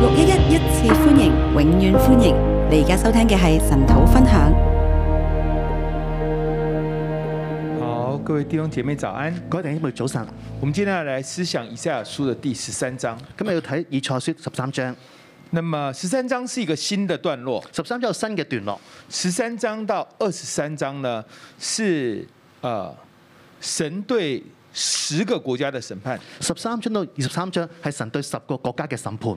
六一一一次歡迎，永遠歡迎！你而家收聽嘅係神土分享。好，各位弟兄姐妹早安，各位弟兄姐妹早上。我們今天嚟思想以賽亞書的第十三章，今日要睇以賽亞書十三章。那麼十三章是一個新的段落，十三章有新嘅段落。十三章到二十三章呢，是啊、呃、神對十個國家的審判。十三章到二十三章係神對十個國家嘅審判。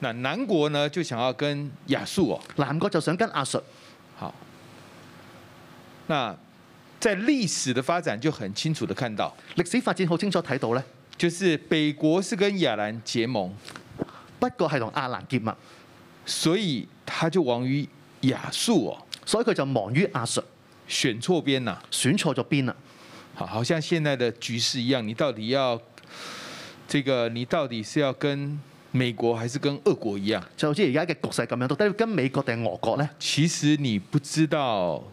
那南國呢就想要跟亞述哦，南國就想跟亞述，好。那在歷史的發展就很清楚的看到，歷史發展好清楚睇到咧，就是北國是跟亞蘭結盟，不過係同亞蘭結盟，所以他就亡於亞述哦，所以佢就亡於亞述，選錯邊啦，選錯咗邊啦，好，好像現在的局勢一樣，你到底要，這個你到底是要跟？美國還是跟俄國一樣，就好似而家嘅局勢咁樣多，但係跟美國定俄國呢？其實你不知道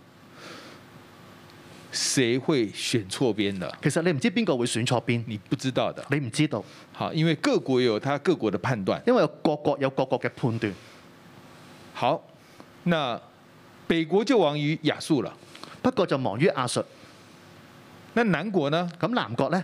誰會選錯邊的。其實你唔知邊個會選錯邊，你不知道的。你唔知道。好，因為各國有他各國的判斷，因為各國有各國嘅判斷。好，那北國就亡於亞述了，不過就亡於亞述。那南國呢？咁南國呢？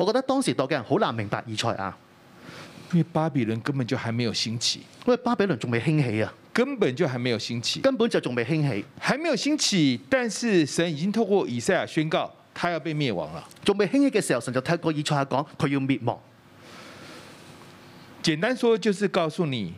我覺得當時多嘅人好難明白以賽亞，因為巴比倫根本就還沒有興起。因為巴比倫仲未興起啊，根本就還沒有興起，根本就仲未興起，還沒有興起，但是神已經透過以賽亞宣告他要被滅亡了。仲未興起嘅時候，神就透過以賽亞講佢要滅亡。簡單說，就是告訴你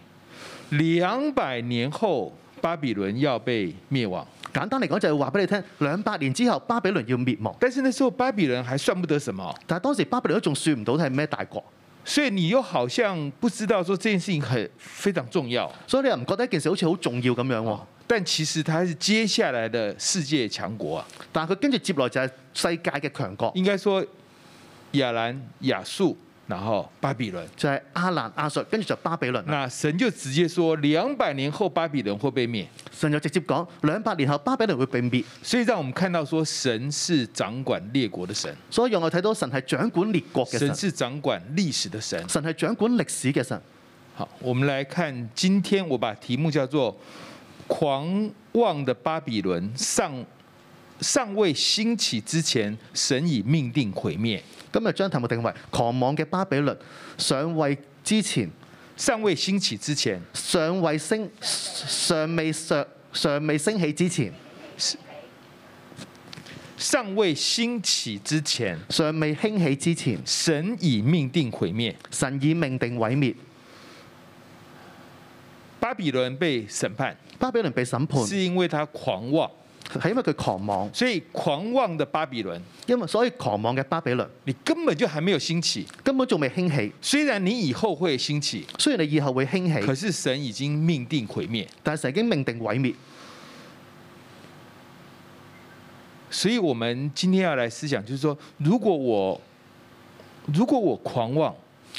兩百年後巴比倫要被滅亡。簡單嚟講就係話俾你聽，兩百年之後巴比倫要滅亡。但是呢時候巴比倫還算不得什麼，但係當時巴比倫都仲算唔到係咩大國，所以你又好像不知道，說這件事情係非常重要。所以你又唔覺得一件事，好似好重要咁樣喎。但其實它是接下來的世界強國啊。但係佢跟住接落就係世界嘅強國。應該說亞蘭亞述。然後巴比倫就係亞蘭、亞述，跟住就巴比倫。那神就直接說兩百年後巴比倫會被滅。神就直接講兩百年後巴比倫會被滅。所以讓我們看到說神是掌管列國的神。所以讓我睇到神係掌管列國嘅神，神是掌管歷史的神。神係掌管歷史嘅神。好，我們來看今天我把題目叫做《狂妄的巴比倫》，上尚未興起之前，神已命定毀滅。今日將題目定為狂妄嘅巴比倫，上位之前，尚未興起之前，尚未升尚未上尚未升起之前，尚未興起之前，尚未興起之前，神已命定毀滅，神已命定毀滅，巴比倫被審判，巴比倫被審判，是因為他狂妄。係因為佢狂妄，所狂妄，所以狂妄的巴比倫，因為所以狂妄嘅巴比倫，你根本就還沒有興起，根本仲未興起。雖然你以後會興起，雖然你以後會興起，可是神已經命定毀滅。但神已經命定毀滅。所以，我們今天要來思想，就是說，如果我如果我狂妄，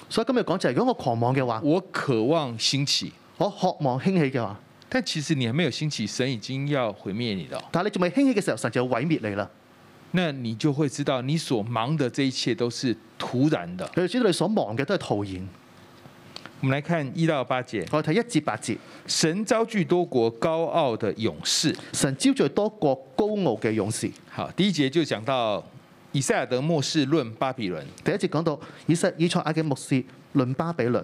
所以今日講就係，如果我狂妄嘅話，我渴望興起，我渴望興起嘅話。但其實你還沒有興起，神已經要毀滅你了。但你仲未興起嘅時候，神就要毀滅你啦。那你就會知道你所忙的這一切都是突然的。你知道你所忙嘅都係徒然。我們來看一到八節，我睇一至八節。神召聚，聚多國高傲的勇士，神召聚多國高傲嘅勇士。好，第一節就講到以賽亞得默示論巴比倫。第一節講到以賽以賽亞嘅默示論巴比倫。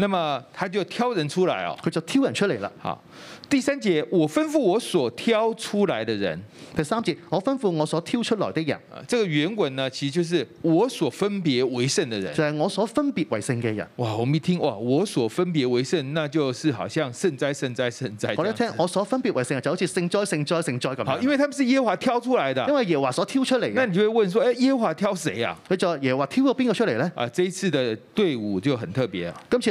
那麼他就挑人出來哦，佢就挑人出嚟啦。好，第三節我吩咐我所挑出來的人，第三節我吩咐我所挑出來的人。啊，這個原文呢，其實就是我所分別為聖的人，就係我所分別為聖嘅人。哇，我一聽哇，我所分別為聖，那就是好像聖哉、聖哉、聖哉。我一聽我所分別為聖，就好似聖哉、聖哉、聖哉咁。好，因為他們是耶華挑出來的，因為耶華所挑出嚟。那你就會問說，誒，耶華挑誰啊？佢就耶華挑咗邊個出嚟咧？啊，這一次的隊伍就很特別啊。咁其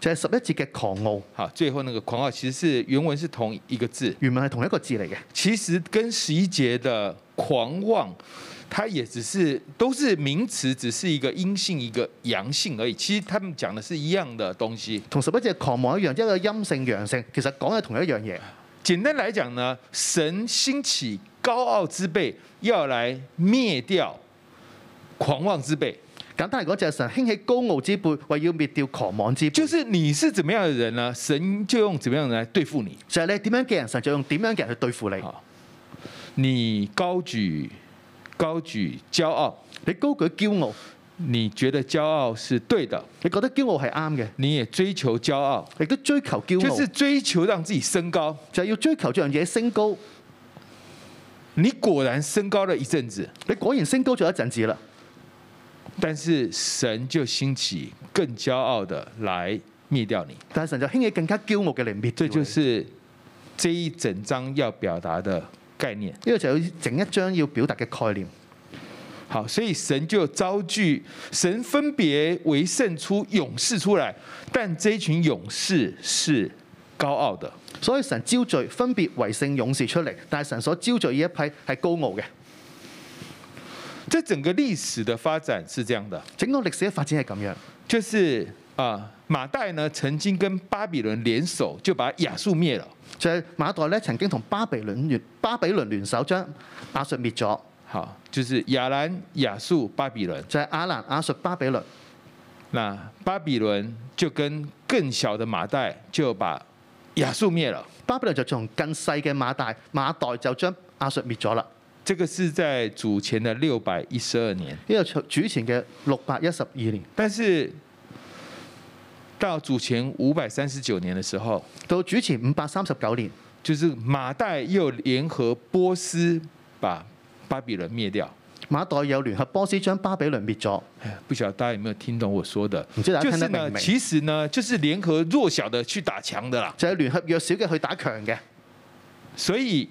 就係十一節嘅狂傲，哈！最後那個狂傲其實是原文是同一個字，原文係同一個字嚟嘅。其實跟十一節的狂妄，它也只是都是名詞，只是一個陰性一個陽性而已。其實佢哋講嘅係一樣嘅東西，同十一節狂傲一樣，一個陰性陽性，其實講嘅係同一樣嘢。簡單嚟講呢，神興起高傲之輩，要來滅掉狂妄之輩。簡單嚟講就係神興起高傲之輩，為要滅掉狂妄之輩。就是你是怎麼樣的人呢，啊？神就用怎麼樣的人來對付你。就係你點樣嘅人，神就用點樣嘅人去對付你。你高舉高舉驕傲，你高舉驕傲。你，驕傲你覺得驕傲是對的，你覺得驕傲係啱嘅，你也追求驕傲，你都追求驕傲，就是追求讓自己升高。就係要追求呢樣嘢升高。你果然升高了一陣子，你果然升高咗一陣子。了。但是神就興起更驕傲的來滅掉你。大神就興起更加驕傲嘅人滅。這就是這一整章要表達的概念。呢個就係整一章要表達嘅概念。好，所以神就招聚，神分別為聖出勇士出來，但這一群勇士是高傲的。所以神招聚分別為聖勇士出嚟，但係神所招聚呢一批係高傲嘅。這整個歷史的發展是這樣的，整個歷史嘅發展係咁樣，就是啊，馬代呢曾經跟巴比倫聯手就把亞述滅了，就係馬代咧曾經同巴比倫聯巴比倫聯手將亞述滅咗，吓，就是亞蘭、亞述、巴比倫，就係亞蘭、亞述、巴比倫。那巴比倫就跟更小的馬代就把亞述滅了，巴比倫就從更細嘅馬代馬代就將亞述滅咗啦。這個是在主前個是主前的六百一十二年，一個主前嘅六百一十二年，但是到主前五百三十九年的時候，到主前五百三十九年，就是馬代又聯合波斯把巴比倫滅掉。馬代又聯合波斯將巴比倫滅咗、哎，不曉得大家有沒有聽懂我說的？就是其實呢，就是聯合弱小的去打強的啦，就係聯合弱小嘅去打強嘅，所以。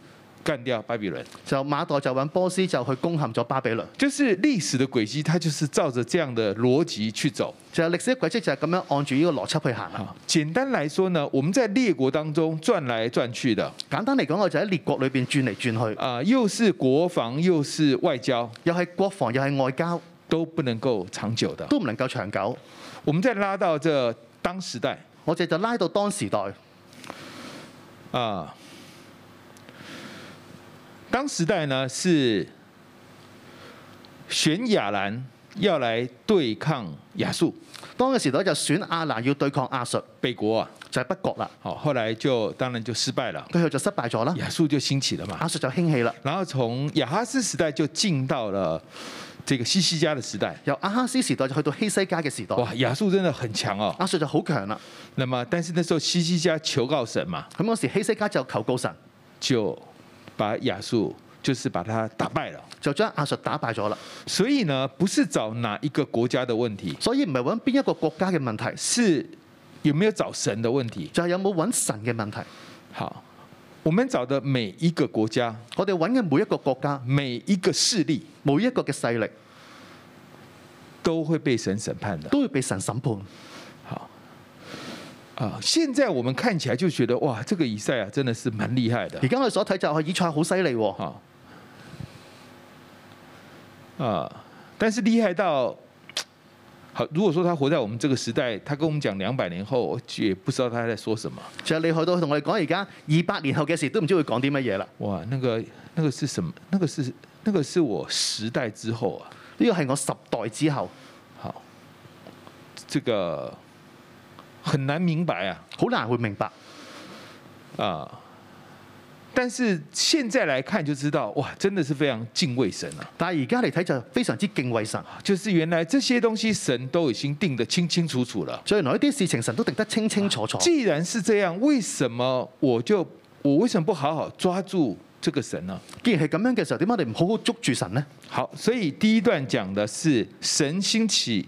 幹掉巴比倫，就馬代就搵波斯就去攻陷咗巴比倫，就是歷史的軌跡，它就是照着這樣的邏輯去走。就歷史的軌跡就係咁樣按住呢個邏輯去行。簡單來說呢，我們在列國當中轉來轉去的。簡單嚟講，我就喺列國裏邊轉嚟轉去。啊，又是國防又是外交，又係國防又係外交，都不能夠長久的，都唔能夠長久。我們再拉到這當時代，我哋就拉到當時代。啊。當時代呢是，選亞蘭要來對抗亞述，當個時代就選亞蘭要對抗亞述，北國啊，就係北國啦。好，後來就當然就失敗了，最後就失敗咗啦。亞述就興起了嘛，亞述就興起了。然後從亞哈斯時代就進到了這個希西家的時代，由亞哈斯時代就去到希西家嘅時代。哇，亞述真的很強啊！亞述就好強啦。那麼，但是那時候希西家求告神嘛，咁嗰時希西家就求告神就。把亞述就是把他打敗了，就將亞述打敗咗啦。所以呢，不是找哪一個國家的問題，所以唔係搵邊一個國家嘅問題，是有沒有找神的問題，就係有冇搵神嘅問題。好，我們找的每一個國家，我哋搵嘅每一個國家，每一個勢力，每一個嘅勢力，都會被神審判的，都會被神審判。啊！現在我們看起來就覺得哇，這個以賽啊真的是蠻厲害的。你剛剛說台長遺傳好犀利喔，啊，但是厲害到好，如果說他活在我們這個時代，他跟我們講兩百年後，我也不知道他在說什麼。就厲害到同我哋講，而家二百年後嘅事都唔知會講啲乜嘢啦。哇，那個那個是什麼？那個是那個是我時代之後啊？呢個係我十代之後。好，這個。很難明白啊，好難會明白啊。但是現在來看就知道，哇，真的是非常敬畏神啊。但而家嚟睇就非常之敬畏神，就是原來這些東西神都已經定得清清楚楚了。所以，一啲事情神都定得清清楚楚。啊，既然是這樣，為什麼我就我為什麼不好好抓住這個神呢？既然係咁樣嘅時候點解我哋唔好好捉住神呢？好，所以第一段講的是神興起。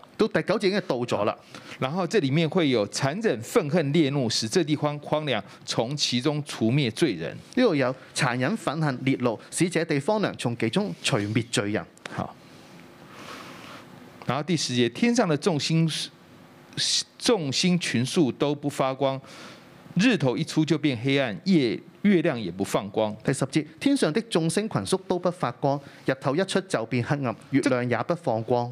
到第九節已經到咗啦，然後這裡面會有殘忍憤恨烈怒，使這地方荒涼，從其中除滅罪人。呢個有殘忍憤恨烈怒，使這地方荒涼，從其中除滅罪人。好，然後第十節，天上的眾星，眾星群宿都不發光，日頭一出就變黑暗，夜月，月亮也不放光。第十節，天上的眾星群宿都不發光，日頭一出就變黑暗，月亮也不放光。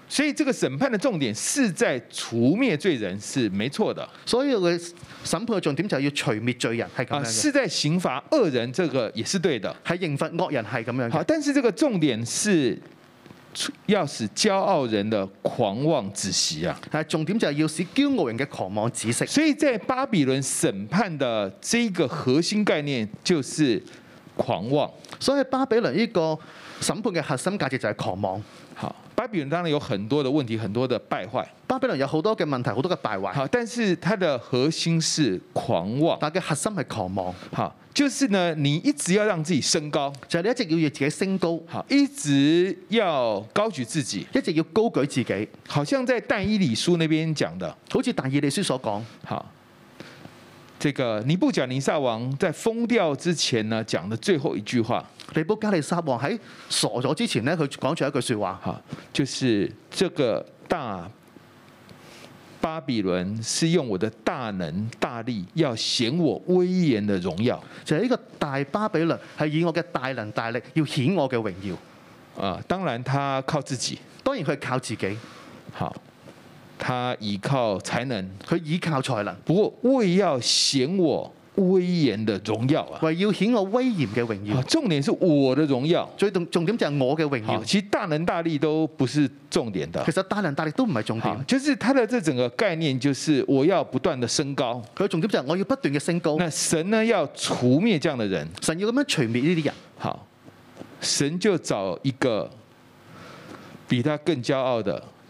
所以這個審判的重點是在除滅罪人，是沒錯的。所以個審判的重點就係要除滅罪人，係咁樣。是在刑罰惡人，這個也是對的。係刑罰惡人，係咁樣。好，但是這個重點是要使驕傲人的狂妄止息啊。啊，重點就係要使驕傲人的狂妄止息。所以在巴比倫審判的這個核心概念就是狂妄，所以巴比倫呢個審判嘅核心價值就係狂妄。巴比倫當然有很多的問題，很多的敗壞。巴比倫有好多嘅問題，好多嘅敗壞。好，但是它的核心是狂妄。大家核心係狂妄。好，就是呢，你一直要讓自己升高，就係你一直要讓自己升高。好，一直要高舉自己，一直要高舉自己。好像在但以理書那邊講的，好似但以理書所講。好。這個尼布甲尼撒王在瘋掉之前呢，講的最後一句話。尼布甲尼撒王喺傻咗之前呢，佢講咗一句說話，哈，就是這個大巴比倫是用我的大能大力要顯我威嚴的榮耀。就係呢個大巴比倫係以我嘅大能大力要顯我嘅榮耀。啊，當然他靠自己，當然佢係靠自己。好。他依靠才能，可以依靠才能。不過為要顯我威嚴的榮耀啊，為要顯我威嚴的榮耀，哦。重點是我的榮耀，所以重重點就係我嘅榮耀，哦。其實大能大力都不是重點的。其實大能大力都唔係重點，哦，就是他的這整個概念，就是我要不斷的升高。佢重點就係我要不斷的升高。那神呢要除滅這樣的人，神要咁樣除滅呢啲人。好，哦，神就找一個比他更驕傲的。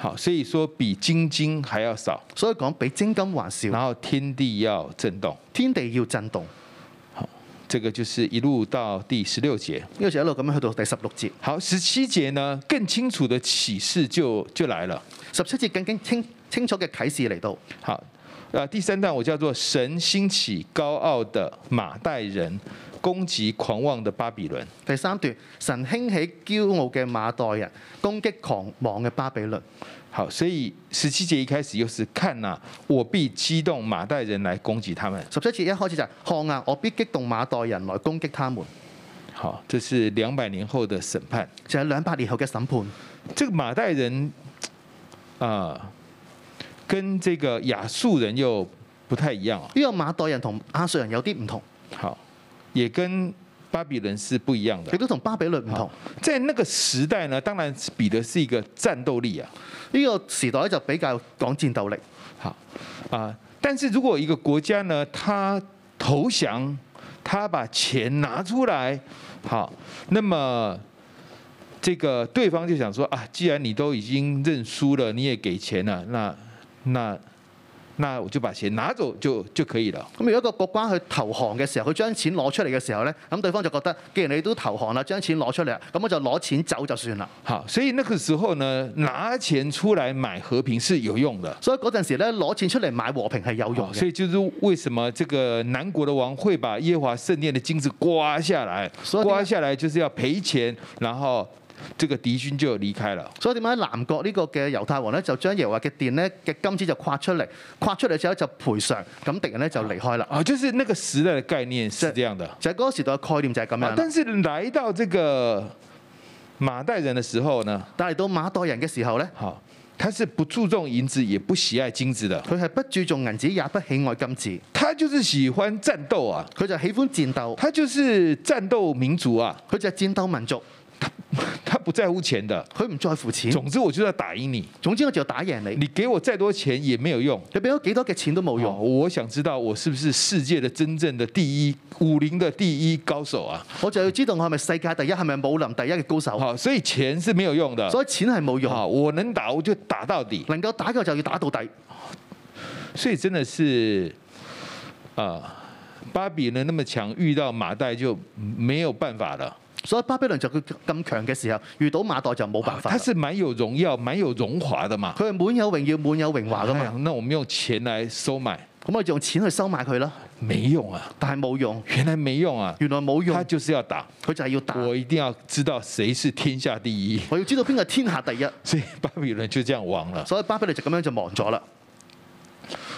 好，所以說比精金還要少，所以講比精金還少。然後天地要震動，天地要震動。好，這個就是一路到第十六節，於是，一路咁樣去到第十六節。好，十七節呢，更清楚的啟示就就來了。十七節，更緊清清楚嘅啟示嚟到。好。第三段我叫做神興起高傲的馬代人攻擊狂妄的巴比倫。第三段，神興起驕傲嘅馬代人攻擊狂妄嘅巴比倫。好，所以十七節一開始又是看啊，我必激動馬代人來攻擊他們。十七節一開始就看啊，我必激動馬代人來攻擊他們。好，這是兩百年後的審判。就係兩百年後嘅審判。這個馬代人，啊。跟這個亞述人又不太一樣啊。呢個馬代人同亞述人有啲唔同。好，也跟巴比倫是不一樣的。佢都同巴比倫唔同。在那個時代呢，當然比的是一個戰鬥力啊。呢個時代就比較講戰鬥力。好啊，但是如果一個國家呢，他投降，他把錢拿出來，好，那麼這個對方就想說啊，既然你都已經認輸了，你也給錢了，那那那我就把錢拿走就就可以了。咁如果個國家去投降嘅時候，佢將錢攞出嚟嘅時候呢，咁對方就覺得，既然你都投降啦，將錢攞出嚟，咁我就攞錢走就算啦。好，所以那個時候呢，拿錢出來買和平是有用的。所以嗰陣時呢，攞錢出來買和平係有用的。嘅。所以就是為什麼這個南國的王會把耶華聖殿的金子刮下來。刮下來就是要賠錢，然後。這個至尊就離開開，所以點解南國呢個嘅猶太王咧，就將耶和嘅殿咧嘅金子就跨出嚟，跨出嚟之後就賠償，咁敵人咧就裂開啦。啊，就是那個時代嘅概念係這樣的。在嗰、就是、時都要 call h 咁樣、啊。但是來到這個馬代人嘅時候呢？但係到馬代人嘅時候咧，佢係不注重銀子，也不喜愛金子的。佢係不注重銀子，也不喜愛金子。他就是喜歡戰鬥啊！佢就喜歡戰鬥、啊。他就是戰鬥民族啊！佢就是戰鬥民族。他不在乎錢的，佢唔在乎錢。總之我就要打贏你，總之我就要打贏你。你給我再多錢也沒有用，你俾我幾多嘅錢都冇用。我想知道我是不是世界的真正的第一武林的第一高手啊？我就要知道我係咪世界第一，係咪武林第一嘅高手？好，所以錢是沒有用的，所以錢係冇用。我能打我就打到底，能夠打嘅就要打到底。所以真的是，啊，巴比呢那麼強，遇到馬代就沒有辦法了。所以巴比倫就佢咁強嘅時候，遇到馬代就冇辦法。他是滿有榮耀、滿有榮華的嘛。佢係滿有榮耀、滿有榮華噶嘛、哎。那我們用錢來收買。咁我用錢去收買佢咯？沒用啊，但係冇用。原來沒用啊，原來冇用。他就是要打，佢就係要打。我一定要知道誰是天下第一。我要知道邊個天下第一。 所以巴比倫就這樣亡了。所以巴比倫就咁樣就亡咗啦。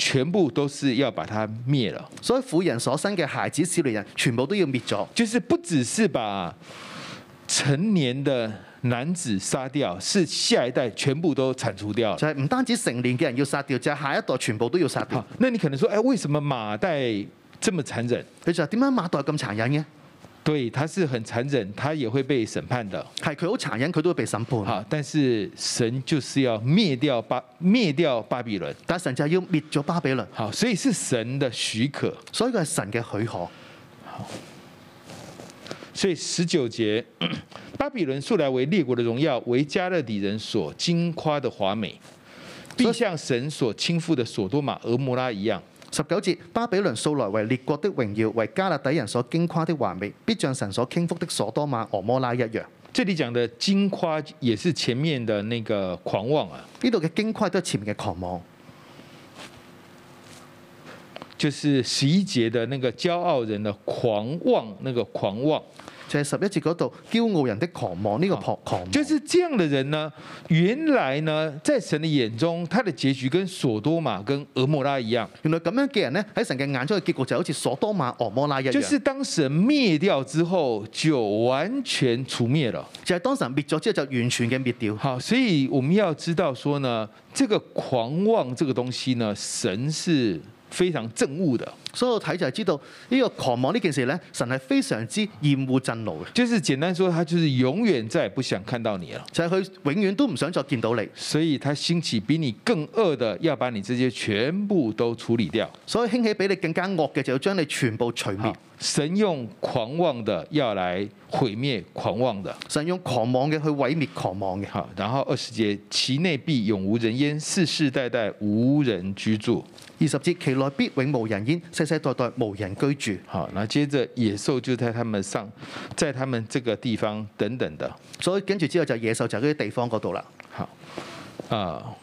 全部都是要把它滅了，所以婦人所生嘅孩子、少年人全部都要滅咗，就是不只是把成年的男子殺掉，是下一代全部都剷除掉。就唔單止成年嘅人要殺掉，就下一代全部都要殺掉。那你可能說，誒、哎，為什麼馬代這麼殘忍？佢就話點解馬代咁殘忍嘅？對，他是很殘忍，他也會被審判的。係，佢好殘忍，佢都會被審判的。好，但是神就是要滅掉巴滅掉巴比倫，但神就係要滅咗巴比倫。好，所以是神的許可。所以佢係神的許可。好，所以十九節，巴比倫素來為列國的榮耀，為迦勒底人所矜誇的華美，必以像神所傾覆的所多瑪、蛾摩拉一樣。十九節，巴比倫素來為列國的榮耀，為加勒底人所驚誇的華美，必像神所傾覆的索多瑪、俄摩拉一樣。即係你講的驚誇，也是前面的那個狂妄啊！呢度嘅驚誇都係前面嘅狂妄，就是十一節的那個驕傲人的狂妄，那個狂妄。在十一節嗰度，驕傲人的狂妄呢、這個狂妄，就是這樣的人呢。原來呢，在神的眼中，他的結局跟索多瑪跟俄摩拉一樣。原來咁樣嘅人呢，喺神嘅眼中嘅結局就好似索多瑪、俄摩拉一樣。就是當神滅掉之後，就完全除滅了。就係當神滅咗之後，就完全嘅滅掉。好，所以我們要知道，說呢，這個狂妄這個東西呢，神是，非常憎惡的，所以我睇就係知道呢個狂妄呢件事咧，神係非常之厭惡震怒嘅。就是簡單說，他就是永遠再也不想看到你啦，就係佢永遠都唔想再見到你。所以，他興起比你更惡的，要把你這些全部都處理掉。所以，興起比你更加惡嘅，就要將你全部除滅。神用狂妄的要來毀滅狂妄的，神用狂妄嘅去毀滅狂妄嘅。好，然後二十節，其內必永無人煙，世世代代無人居住。二十節，其內必永無人煙，世世代代無人居住。好，那接着野獸就在他們上，在他們這個地方等等的。所以跟住之後就野獸就喺嗰啲地方嗰度啦。好，啊、呃。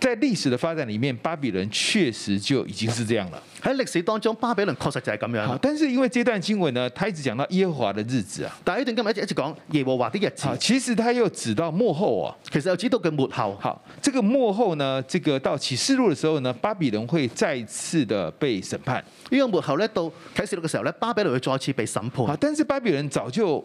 在歷史的發展裡面，巴比倫確實就已經是這樣了。喺歷史當中，巴比倫確實就係咁樣。但是因為這段經文呢，他一直講到耶和華的日子啊。但係呢段，今日一直講耶和華的日子。其實他又指到末後啊，其實有基督跟末後。好，這個末後呢，這個到，起到啟示錄的時候呢，巴比倫會再次的被審判。因為末後咧到啟示錄嘅時候咧，巴比倫會再次被審判。啊，但是巴比倫早就。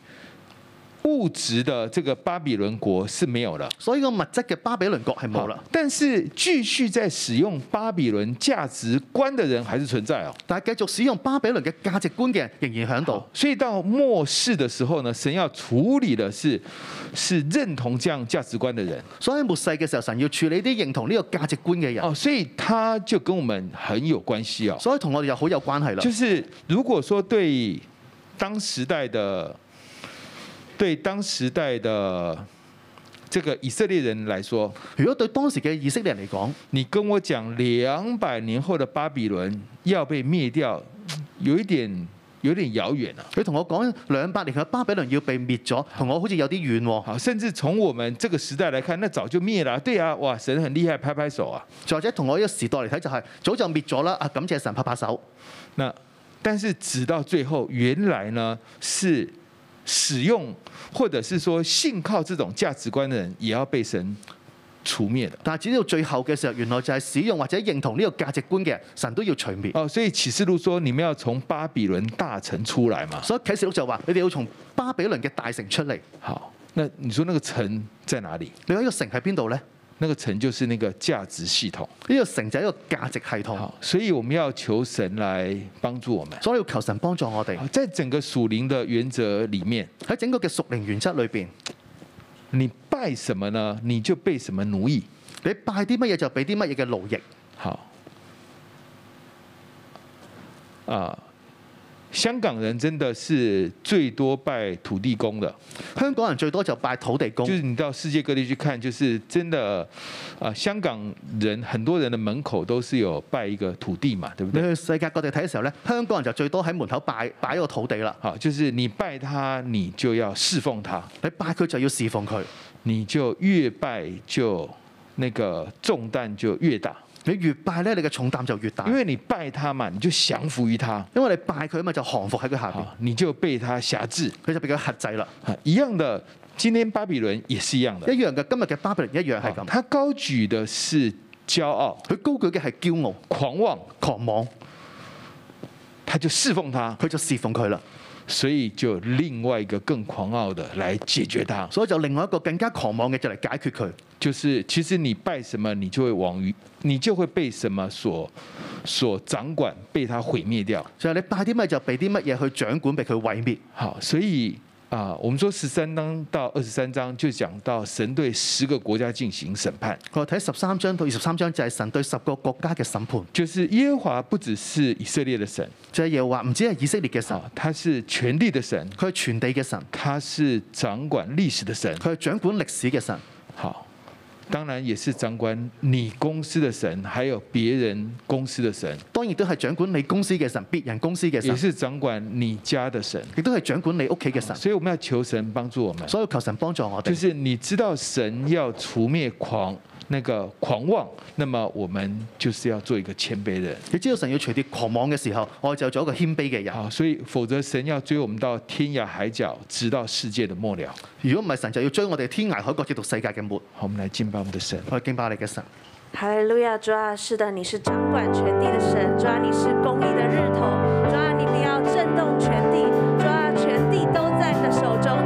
物質的這個巴比倫國是沒有了，所以個物質嘅巴比倫國係冇啦。但是繼續在使用巴比倫價值觀的人還是存在哦。但係繼續使用巴比倫嘅價值觀嘅人仍然喺度。所以到末世的時候呢，神要處理的是，是認同這樣價值觀的人。所以末世嘅時候，神要處理啲認同呢個價值觀嘅人。哦，所以他就跟我們很有關係啊、哦。所以同我哋有好有關係啦。就是如果說對當時代的。對當時代的這個以色列人來說，如果對當時嘅以色列人嚟講，你跟我講兩百年後的巴比倫要被滅掉，有一點有點遙遠啊。你同我講兩百年後巴比倫要被滅咗，同我好似有啲遠喎、啊，甚至從我們這個時代來看，那早就滅啦。對啊，哇，神很厲害，拍拍手啊。或者同我一個時代嚟睇、就是，就係早就滅咗啦。啊，感謝神，拍拍手。但是直到最後，原來呢是。使用或者是說信靠這種價值觀的人，也要被神除滅的。但係只到最後嘅時候，原來就係使用或者認同呢個價值觀嘅人，神都要除滅。哦，所以啟示錄說你們要從巴比倫大城出來嘛。所以啟示錄就話你哋要從巴比倫嘅大城出嚟。好，那你說那個城在哪裏？你話個城喺邊度咧？那個城就是那個價值系統，一個城就係一個價值系統。好，所以我們要求神來幫助我們，所以要求神幫助我哋。在整個屬靈的原則裏面，喺整個嘅屬靈原則裏邊，你拜什麼呢？你就被什麼奴役？你拜啲乜嘢就俾啲乜嘢嘅奴役。好，啊。香港人真的是最多拜土地公的。香港人最多就拜土地公。就是你到世界各地去看，就是真的，啊、呃，香港人很多人的門口都是有拜一個土地嘛，對不對？你去世界各地睇的時候，香港人就最多喺門口拜拜一個土地啦。啊，就是你拜他，你就要侍奉他。你拜佢就要侍奉佢，你就越拜就那個重擔就越大。你越拜咧，你嘅重擔就越大，因為你拜他嘛，你就降服於他；因為你拜佢嘛，就降服喺佢下邊，你就被他轄制，佢就俾佢轄制啦。一樣嘅，今天巴比倫也是一樣嘅，一樣嘅，今日嘅巴比倫一樣係咁。他高舉嘅是驕傲，佢高舉嘅係驕傲、狂妄、狂妄，他就侍奉他，佢就侍奉佢啦。所以就另外一個更狂傲的來解決他，所以就另外一個更加狂妄嘅就嚟解決佢。就是其實你拜什麼，你就會亡於。你就會被什麼所所掌管，被他毀滅掉。就係你拜啲乜就俾啲乜嘢去掌管，俾佢毀滅。好，所以啊、呃，我們說十三章到二十三章就講到神對十個國家進行審判。我睇十三章到二十三章就係神對十個國家嘅審判。就是耶和華不只是以色列嘅神，就係耶和華唔止係以色列嘅神，他是權力嘅神，佢係全地嘅神，他是掌管歷史嘅神，佢係掌管歷史嘅神。好。當然也是掌管你公司的神，還有別人公司的神。當然都係掌管你公司嘅神，別人公司嘅神。也是掌管你家的神，亦都係掌管你屋企嘅神。所以我們要求神幫助我們，所以要求神幫助我們。就是你知道神要除滅狂。那個狂妄，那麼我們就是要做一個謙卑的人。你知道神要除掉狂妄的時候，我就要做一個謙卑的人。好，所以否則神要追我們到天涯海角，直到世界的末了。如果唔係，神就要追我哋天涯海角直到世界嘅末。好，我們來敬拜我們的神，我敬拜你嘅神。哈利路亞！抓，是的，你是掌管全地的神，抓，你是公義的日頭，抓，你必要震動全地，抓，全地都在你的手中，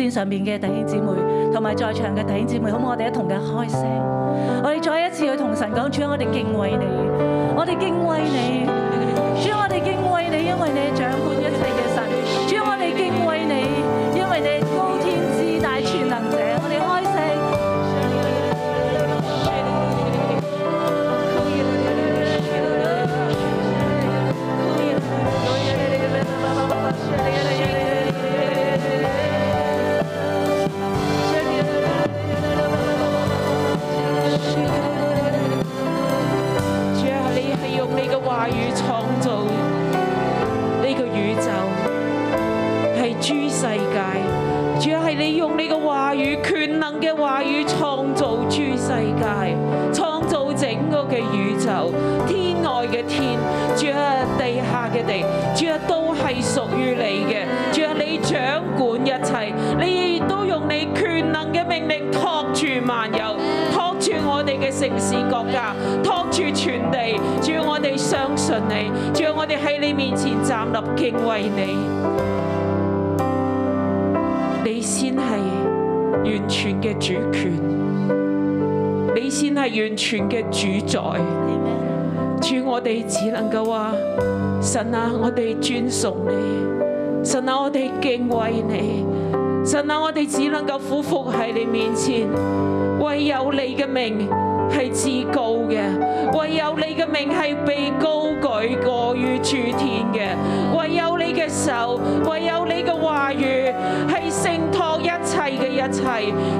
線上面嘅弟兄姊妹，同埋在場嘅弟兄姊妹，好唔好？我哋一同嘅開聲，我哋再一次去同神講，主，我哋敬畏你，我哋敬畏你，主，我哋敬畏你，因為你係掌。是國家托住全地，只要我哋相信你，只要我哋喺你面前站立敬畏你，你先係完全嘅主權，你先係完全嘅主宰。主，我哋只能夠話：神啊，我哋尊崇你；神啊，我哋敬畏你；神啊，我哋只能夠俯伏喺你面前，唯有你嘅名。」係至高嘅，唯有你嘅命係被高舉過於諸天嘅，唯有你嘅仇，唯有你嘅話語係承托一切嘅一切。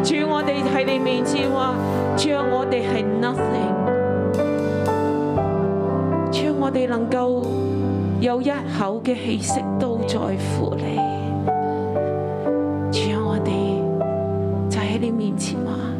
主啊，我哋喺你面前話，主啊，主我哋係 nothing，主啊，我哋能夠有一口嘅氣息都在乎你。主啊，我哋就喺你面前話。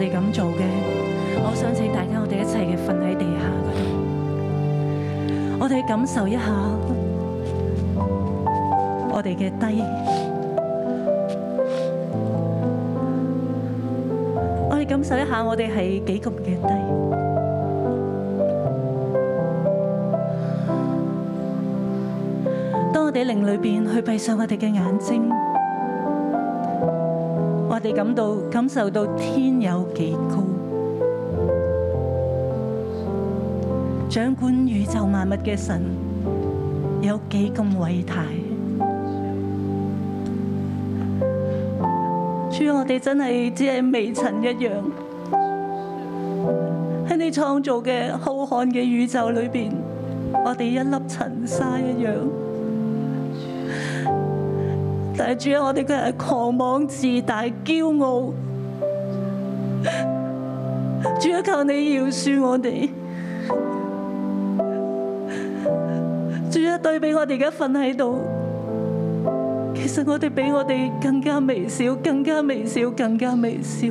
我哋咁做嘅，我想請大家我哋一齊嘅瞓喺地下嗰度，我哋感受一下我哋嘅低，我哋感受一下我哋係幾咁嘅低。當我哋靈裏邊去閉上我哋嘅眼睛。你感到感受到天有幾高，掌管宇宙萬物嘅神有幾咁偉大？主，我哋真係只係微塵一樣，喺你創造嘅浩瀚嘅宇宙裏邊，我哋一粒塵沙一樣。主啊，我哋佢係狂妄自大，驕傲。主啊，求你饒恕我哋。主啊，對比我哋而家瞓喺度，其實我哋比我哋更加微小、更加微小、更加微小。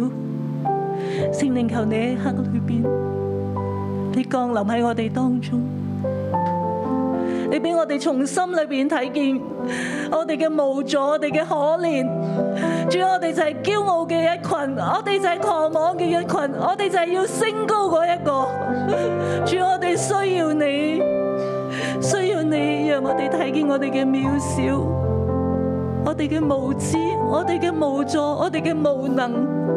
聖靈，求你喺黑裏邊，你降臨喺我哋當中。你俾我哋從心裏邊睇見我哋嘅無助，我哋嘅可憐，主，我哋就係驕傲嘅一群，我哋就係狂妄嘅一群，我哋就係要升高嗰一個。主，我哋需要你，需要你讓我哋睇見我哋嘅渺小，我哋嘅無知，我哋嘅無助，我哋嘅無，無能。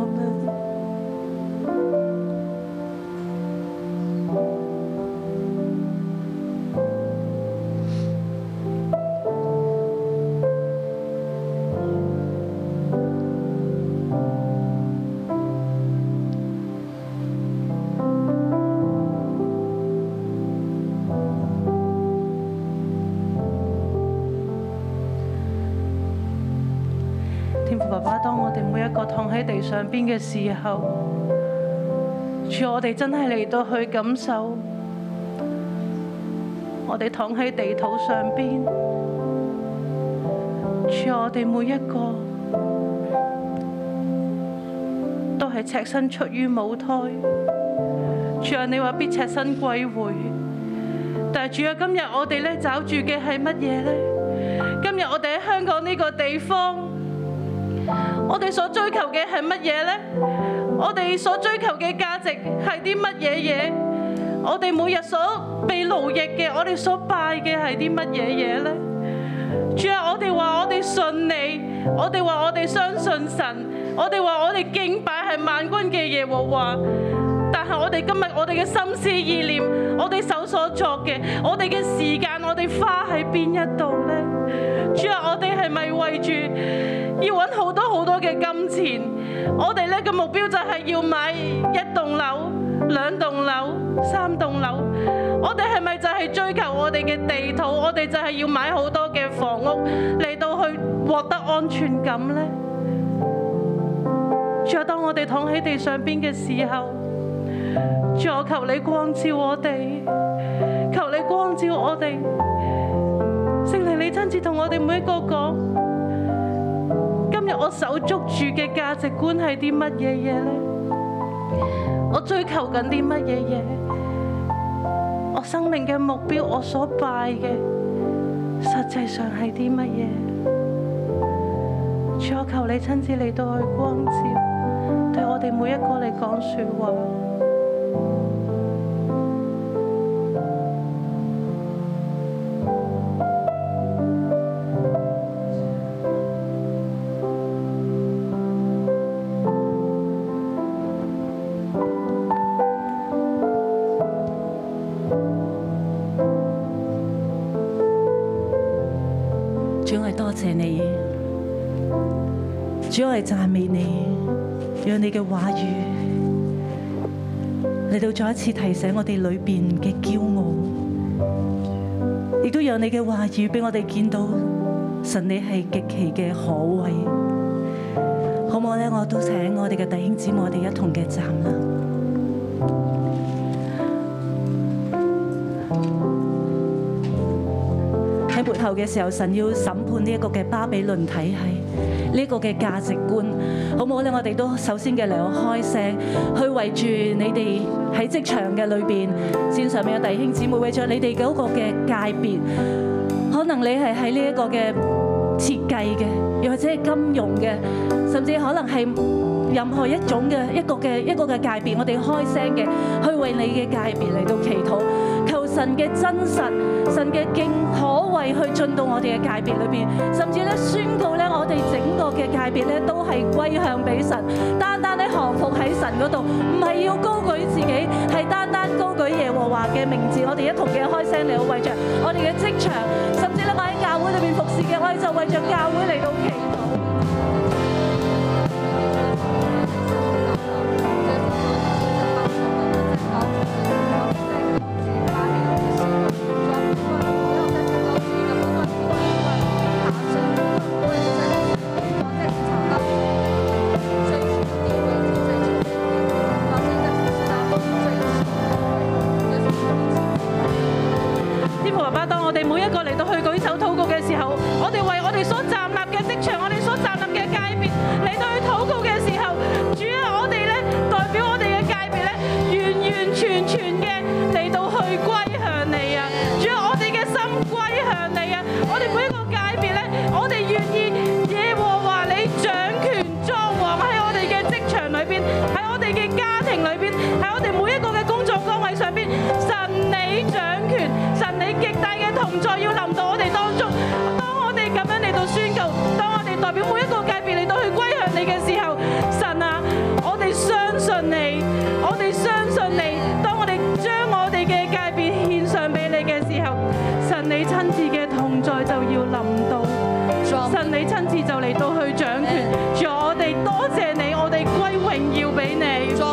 個躺喺地上邊嘅時候，主我哋真係嚟到去感受，我哋躺喺地土上邊，主我哋每一個都係赤身出於母胎，主啊你話必赤身歸回，但係主啊今日我哋咧找住嘅係乜嘢咧？今日我哋喺香港呢個地方。我哋所追求嘅係乜嘢呢？我哋所追求嘅價值係啲乜嘢嘢？我哋每日所被奴役嘅，我哋所拜嘅係啲乜嘢嘢呢？主啊，我哋話我哋信你，我哋話我哋相信神，我哋話我哋敬拜係萬軍嘅耶和華。但係我哋今日我哋嘅心思意念，我哋手所作嘅，我哋嘅時間，我哋花喺邊一度呢？主啊，我哋係咪為住？要揾好多好多嘅金錢，我哋呢個目標就係要買一棟樓、兩棟樓、三棟樓。我哋係咪就係追求我哋嘅地圖？我哋就係要買好多嘅房屋嚟到去獲得安全感呢。仲有，當我哋躺喺地上邊嘅時候，主求你光照我哋，求你光照我哋。聖靈你親自同我哋每一個人講今日我手捉住嘅價值觀係啲乜嘢嘢咧？我追求緊啲乜嘢嘢？我生命嘅目標，我所拜嘅，實際上係啲乜嘢？主，我求你親自嚟到去光照，對我哋每一個嚟講説話。一次提醒我哋裏邊嘅驕傲，亦都有你嘅話語俾我哋見到，神你係極其嘅可畏，好唔好咧？我都請我哋嘅弟兄姊妹，我哋一同嘅站啦。喺末後嘅時候，神要審判呢一個嘅巴比倫體系，呢一個嘅價值觀。好唔好咧？我哋都首先嘅嚟，我開聲去為住你哋喺職場嘅裏邊線上面嘅弟兄姊妹，為著你哋嗰個嘅界別，可能你係喺呢一個嘅設計嘅，又或者係金融嘅，甚至可能係任何一種嘅一個嘅一個嘅界別，我哋開聲嘅去為你嘅界別嚟到祈禱，求神嘅真實，神嘅敬可。係去進到我哋嘅界別裏邊，甚至咧宣告咧，我哋整個嘅界別咧都係歸向俾神，單單咧降服喺神嗰度，唔係要高舉自己，係單單高舉耶和華嘅名字。我哋一同嘅開聲嚟，好為着我哋嘅職場，甚至咧我喺教會裏面服侍嘅，我哋就為着教會嚟到祈禱。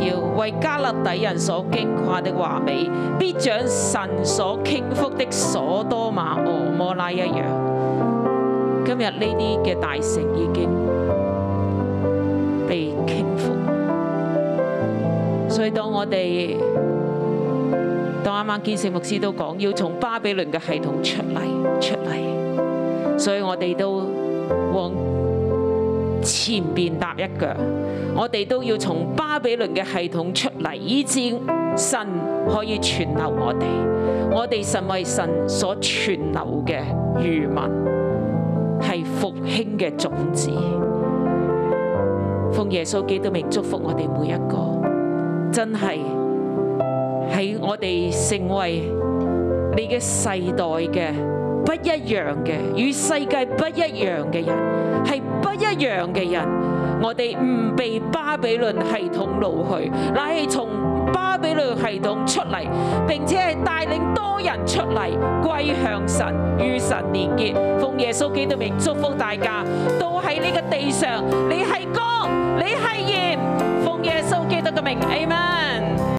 要為加勒底人所驚跨的華美，必像神所傾覆的所多瑪蛾摩拉一樣。今日呢啲嘅大城已經被傾覆，所以當我哋，當啱啱見證牧師都講，要從巴比倫嘅系統出嚟，出嚟，所以我哋都往。前邊搭一腳，我哋都要從巴比倫嘅系統出嚟，以致神可以存留我哋。我哋神為神所存留嘅餘民，係復興嘅種子。奉耶穌基督名祝福我哋每一個，真係喺我哋成為你嘅世代嘅不一樣嘅，與世界不一樣嘅人，係。不一樣嘅人，我哋唔被巴比倫系統擄去，乃係從巴比倫系統出嚟，並且係帶領多人出嚟歸向神，與神連結。奉耶穌基督嘅名祝福大家，都喺呢個地上，你係光，你係鹽。奉耶穌基督嘅名，Amen。